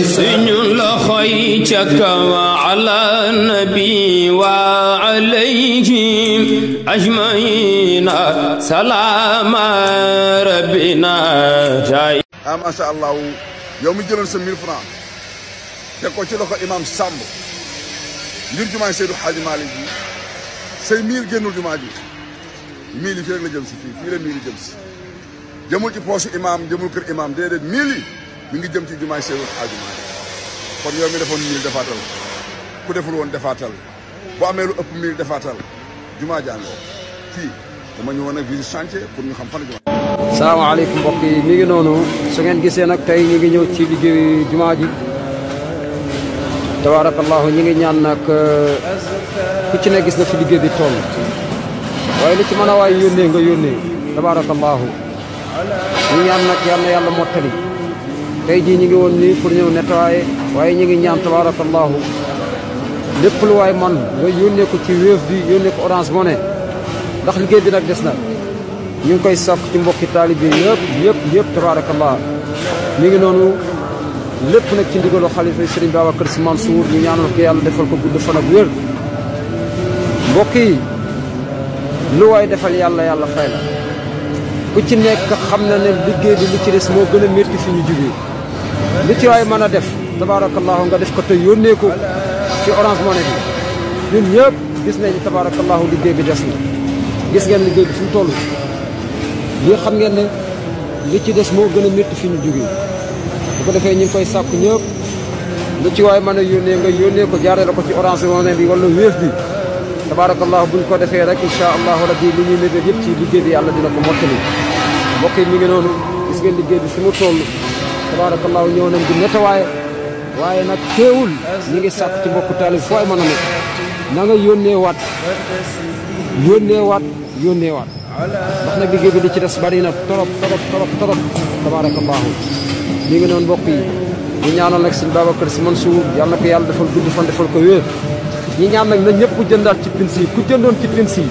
حسين لخيتك وعلى النبي وعليهم أجمعين سلام ربنا جاي أما آه، شاء الله يوم يجرون سمير فران تقوتي لك إمام سامبو نير جمع سيدو حاجي مالي سيمير جنو جمع جي ميلي فيرك لجمسي فيرك ميلي جمسي جمولتي فوسي إمام جمولكر إمام ديري ميلي mi ngi jëm ci jumaay seewul ajumaay kon yow mi defoon mille defaatal ku deful woon defaatal boo ameelu lu ëpp mille defaatal jumaa jàngoo fii dama ñu woon a visite chantier pour ñu xam fan jumaa salaamaaleykum mbokk yi mi ngi noonu su ngeen gisee nag tey ñi ngi ñëw ci liggéey jumaa ji tabaarakallaahu ñi ngi ñaan nag uh, ku ci ne gis na fi liggéey bi toll waaye li ci mën a waay yónnee nga yónnee tabaarakallaahu ñu ñaan nag yàlla yàlla mottali tey jii ñu ngi woon nii pour ñëw nettoyer waaye ñu ngi ñaan tabaarakallaahu lépp lu waay man nga yónnee ci Wave bi yónnee ko Orange ndax liggéey bi nag des na ñu ngi koy sàkk ci mbokki taalibe yi yëpp yëpp yëpp tabaarakallaahu ñu ngi noonu lépp nag ci ndigalu xalifa Serigne Babacar Sy Mansour ñu ñaanal ko yàlla defal ko gudd fan ak wér yi lu waay defal yàlla yàlla fay la ku ci nekk xam na ne liggéey bi li ci des moo gën a métti fi ñu li ci waay mën a def tabaarakallaahu nga def ko te yónnee ko ci Orange Money bi ñun ñëpp gis nañ tabaarakallaahu liggéey bi des na gis ngeen liggéey bi fu mu toll li xam ngeen ne li ci des moo gën a métti fi ñu jógee bu ko defee ñu ngi koy sàkku ñëpp lu ci waay mën a yónnee nga yónnee ko jaarale ko ci Orange Money bi wala Wave bi tabaarakallaahu buñ ko defee rek incha allahu rabbi li ñuy mébét yëpp ci liggéey bi yàlla dina ko mottali mbokk yi mi ngi noonu gis ngeen liggéey bi fi mu toll tabaarakallaahu ñëw nañ di nettoyé waaye nag teewul ñi ngi sàkk ci mbokku taalib fooy mën a nekk nga yónnee waat yónnee waat yónnee waat ndax nag liggéey bi di ci des bari na torop torop torop torop tabaarakallaahu mi ngi noonu mbokk yi ñu ñaanal nag sëñ Babacar Sy si yàlla na ko yàlla defal gudd fan defal ko wéer ñi ñaan nag na ñëpp jëndaat ci pins yi ku jëndoon ci pins yi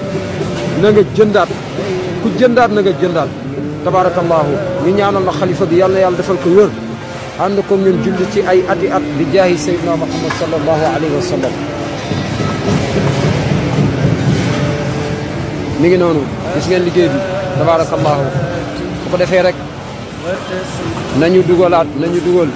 na jëndaat ku jëndaat na nga jëndaat tabaarakallaahu ñu ñaanal na khalifa bi yalla yalla defal ko wër and ko ñun julli ci ay ati at bi jahi sayyidina muhammad sallallahu Alaihi Wasallam. mi ngi nonu gis ngeen liggéey bi tabarakallah bu ko defé rek nañu dugolat nañu dugol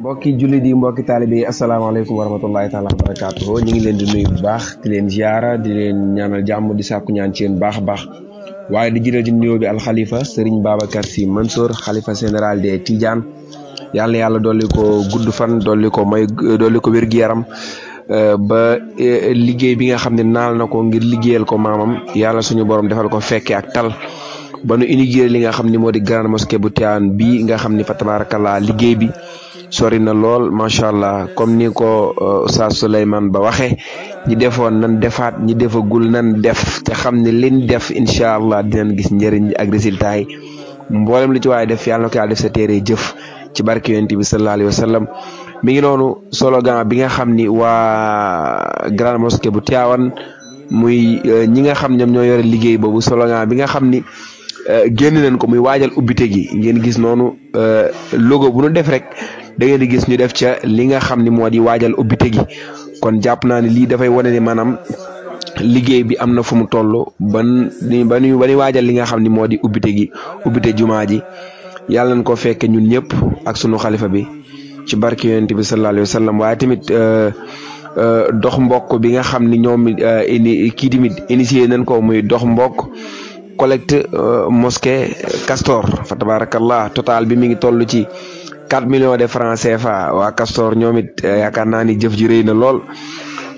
mbokki jullit mbokki talibi assalamu alaykum warahmatullahi taala wabarakatuh ñi ngi leen di nuyu bu baax di leen ziyara di leen ñaanal jamm di sakku ñaan ci yéen baax baax waaye di jiital di nuyoo bi alxalifa sëriñ Babacar Sy Mansour xalifa général des Tidiane yàlla na yàlla dolli ko gudd fan dolli ko may dolli ko wér-gu-yaram euh, ba euh, liggéey bi nga xam ne naal na ko ngir liggéeyal ko maamam yàlla suñu borom defal ko fekke ak tal ba nu inauguré li nga xam ni moo di grande mosquée bu Tivaouane bi nga xam ni fa tabaarakallaa liggéey bi sori na lool macha allah comme ni ko euh, sa Souleymane ba waxe ñi defoon nan defaat ñi defagul nan def te xam ne liñ def incha allah dinañ gis njëriñ ak résultat yi mboolem lu ci waaye def yàlla na ko def sa téere jëf ci barke yonent bi sallallahu alayhi wa sallam mi ngi noonu slogan bi nga xam ni waa grande bu Tivaouane muy euh, ñi nga xam ñoom ñoo yore liggéey boobu slogan bi nga xam ni euh, génn nañ ko muy waajal ubbite gi ngeen gis noonu euh, logo bu nu def rek da ngeen di gis ñu def ca li nga xam ni moo di waajal ubbite gi kon jàpp naa ne lii dafay wane ne maanaam liggéey bi am na fu mu toll ban ba nu ba nu waajal li nga xam ni moo di ubbite gi ubbite jumaa ji yàlla nañ ko fekke ñun ñëpp ak sunu xalifa bi ci barke yonent bi sallallahu alayhi wa sallam waaye tamit euh, euh, dox mbokk bi nga xam ni ñoom euh, ini kii tamit initié nañ ko muy dox mbokk collecte mosquée Castor fa tabarakallah total bi mi ngi toll ci 4 millions de francs CFA waa Castor ñoom it yaakaar naa ni jëf ji rëy na lool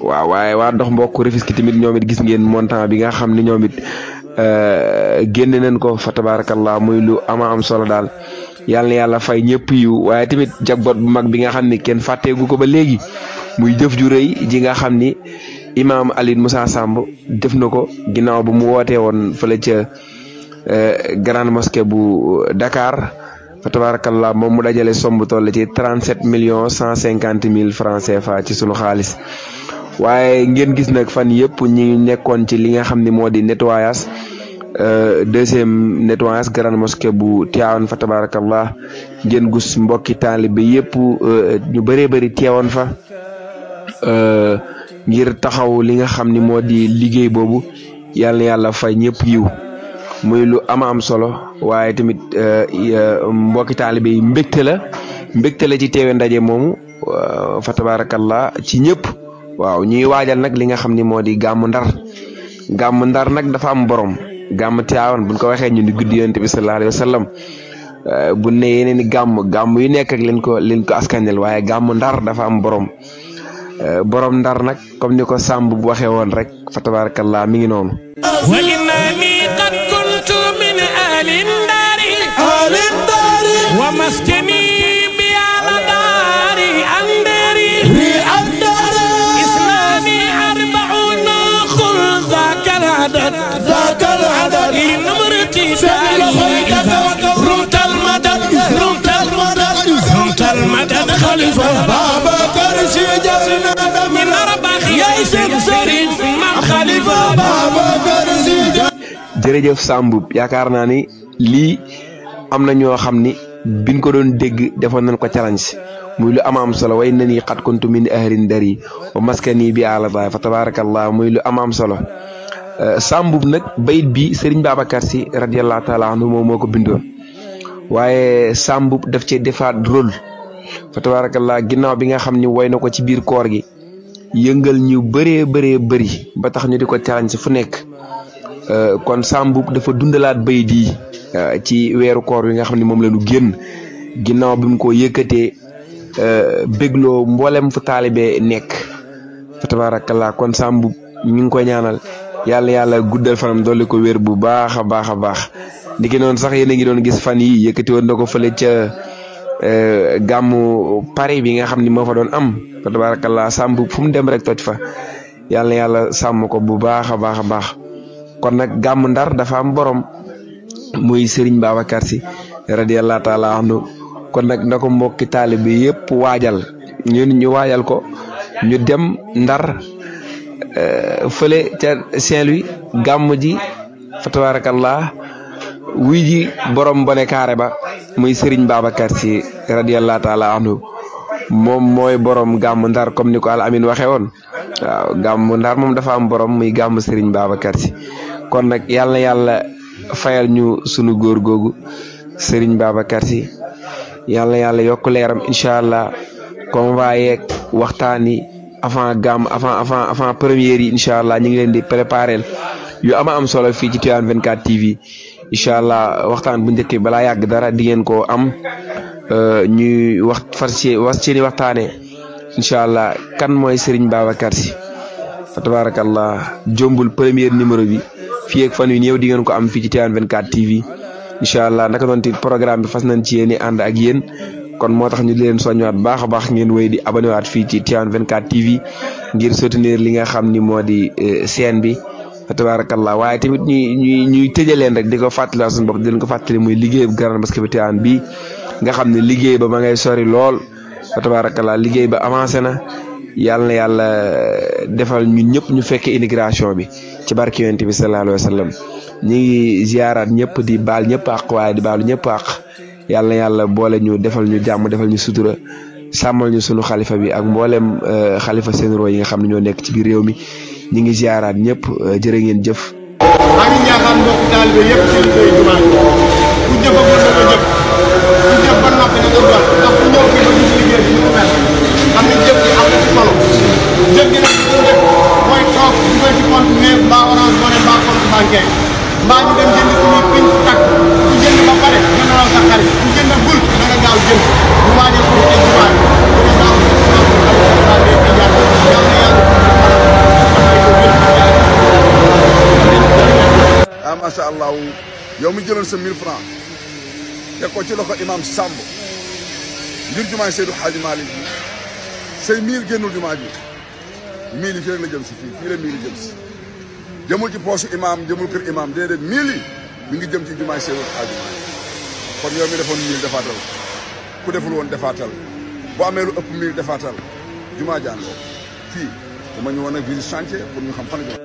waaw waaye waa dox mbokk Rufisque tamit ñoom it gis ngeen montant bi nga xam ne ñoom it euh, nañ ko fa tabarakallah muy lu ama am solo daal yàlla na yàlla fay ñëpp yu waaye tamit jagbot bu mag bi nga xam ne kenn fàtteegu ko ba léegi muy jëf ju rëy ji nga xam ni imaam Alioune Moussa Samb def na ko ginnaaw bu mu wootee woon fële ca euh, grande mosquée bu Dakar fa tabarakallah moom mu dajale somb toll ci 37 millions 150 mille francs CFA ci sunu xaalis waaye ngeen gis nag fan yëpp ñi nekkoon ci li nga xam ni moo di nettoyage euh, deuxième nettoyage grande mosquée bu Tivaouane fa tabarakallah ngeen gis mbokki taalibe yëpp euh, ñu bëree bëri teewoon fa euh, ngir taxaw li nga xam ni moo di liggéey boobu yàlla yàlla fay ñëpp yiw muy lu ama am solo waaye tamit mbokki taalibe yi mbégte la ci teewe ndaje moomu fa tabarakallah ci ñëpp waaw ñuy waajal nag li nga xam ni moo di gàmmu ndar gàmmu ndar nag dafa am borom gàmmu Tiwaawan buñ ko waxee ñu ni guddi yonent bi sallallahu alayhi wa sallam eh, bu ne yeneen i gàmm gàmm yu nekk ak ko leen ko waaye gàmmu ndar dafa am borom eh, borom ndar nag comme ni ko Samb bu waxee woon rek fa tabarakallah mi ngi noonu. xalifa Babacar Si jërëjëf Sambou yaakaar naa ni lii am na ñoo xam ni biñ ko doon dégg defoon nañ ko challenge muy lu am am solo way na ni xat kuntu min ahrin dari wa maskani bi alata fa tabarakallah muy lu am am solo euh, Sambou nag bayit bi sëriñ Babacar Sy radiyallahu taala anhu moom moo ko bindoon waaye Sambou def ci defaat rôle fa tabaarakallaa ginnaaw bi nga xam ni woy na ko ci biir koor gi yëngal ñu bëree bëree bëri ba tax ñu di ko challenge fu nekk euh, kon Samb dafa dundalaat bay di euh, ci weeru koor wi nga xam ni moom la nu génn ginnaaw bi mu ko yëkkatee euh, bégloo mboolem fu taalibe nekk fa tabaarakallaa kon Samb ñu ngi koy ñaanal yàlla yàlla guddal fanam dolli ko wér bu baax a baax a baax ndiki noonu sax yéen a doon gis fan yi yëkkati woon na ko Eh, gamu pare bi nga xamni mo fa doon am tabarakallah sambu fum dem rek toj fa yalla yalla sam ko bu baakha baakha baax kon nak gàmmu ndar dafa am borom muy Serigne babakar si radiyallahu taala anhu kon nak ndako ko mbokki taalibe yëpp waajal ñun ñu waajal ko ñu dem ndar eh, fele ci Saint-Louis gamu ji fa tabarakallah wuy borom bone kare ba muy Serigne Babacar Sy radiyallahu taala anhu moom mooy borom gàmm ndar comme ni ko al amin waxee woon waaw ndar moom dafa am borom muy gàmm Serigne Babacar Sy kon nag yàlla yàlla fayal ñu sunu góor googu Serigne Babacar Sy yàlla yàlla yokk leeram incha allah convois yeeg waxtaan yi avant gàmm avant avant avant première yi incha allah ñu ngi leen di préparer yu ama am solo fii ci Tivaouane 24 TV. inshallah allah waxtaan bu njëkk bala yag dara di ngeen ko am ñuy eh, wax farci si wax seeni waxtaanee incha allah kan moy Serigne Babacar si tabarakallah jombul premier numéro bi fi ak fan yu ñew di ngeen ko am fi ci 24 TV inshallah naka don ti programme bi fas nañ ci yene and ak yéen kon motax ñu di leen soññewaat baax bax ngeen wéy di abonné wat fi ci 24 TV ngir soutenir li nga xamni modi moo scène eh, bi. fa tabaarakallaa waaye tamit ñuy ñuy ñuy tëjee rek di ko fàttaliwaat suñu bopp di leen ko fàttali muy liggéey bu Grande Mosquée bu bii nga xam ne liggéey ba ma ngay sori lool fa tabaarakallaa liggéey ba avancé na yàlla na yàlla defal ñu ñëpp ñu fekke immigration bi ci barke yonent bi sallallahu alayhi wa sallam ñu ngi ziaraat ñëpp di baal ñëpp àq waaye di baalu ñëpp àq yàlla na yàlla boole ñu defal ñu jàmm defal ñu sutura sàmmal ñu sunu xalifa bi ak mboolem euh, xalifa seen roo yi nga xam ne ñoo nekk ci biir réew mi ñi ngi ziaraat ñépp euh, jërë ngeen jëf maa ngi ñaaxaan mbokk taalibe yëpp seen ko na ko ku jëf ba noppi na ko ku ñëw fi ba gis liggéey bi ñu ko mel xam ne jëf gi mbaa orange money mbaa mbaa ñu dem jënd suñuy piñ takk ku jënd ba pare ñu xarit ku jënd gul na nga macha allah yow mi jëloon sa 1000 francs teg ko ci loxo imam Samb ngir jumaay Seydou Hadji Malick bi say 1000 génnul jumaa ji 1000 fii jëm si fii fii la 1000 yi jëm si jëmul ci poosu jëmul kër imam déedéet 1000 yi mi ngi jëm ci jumaay Seydou Hadji kon yow mi defoon 1000 defaatal ku deful woon defaatal boo amee lu ëpp 1000 defaatal jumaa jaan fii dama ñu woon ak visite chantier pour ñu xam fan la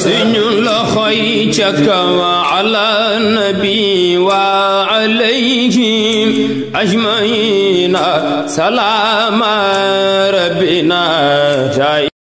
suñu loxo yi ca kaw ala nabi wa alayhim ajmaina salaama rabbina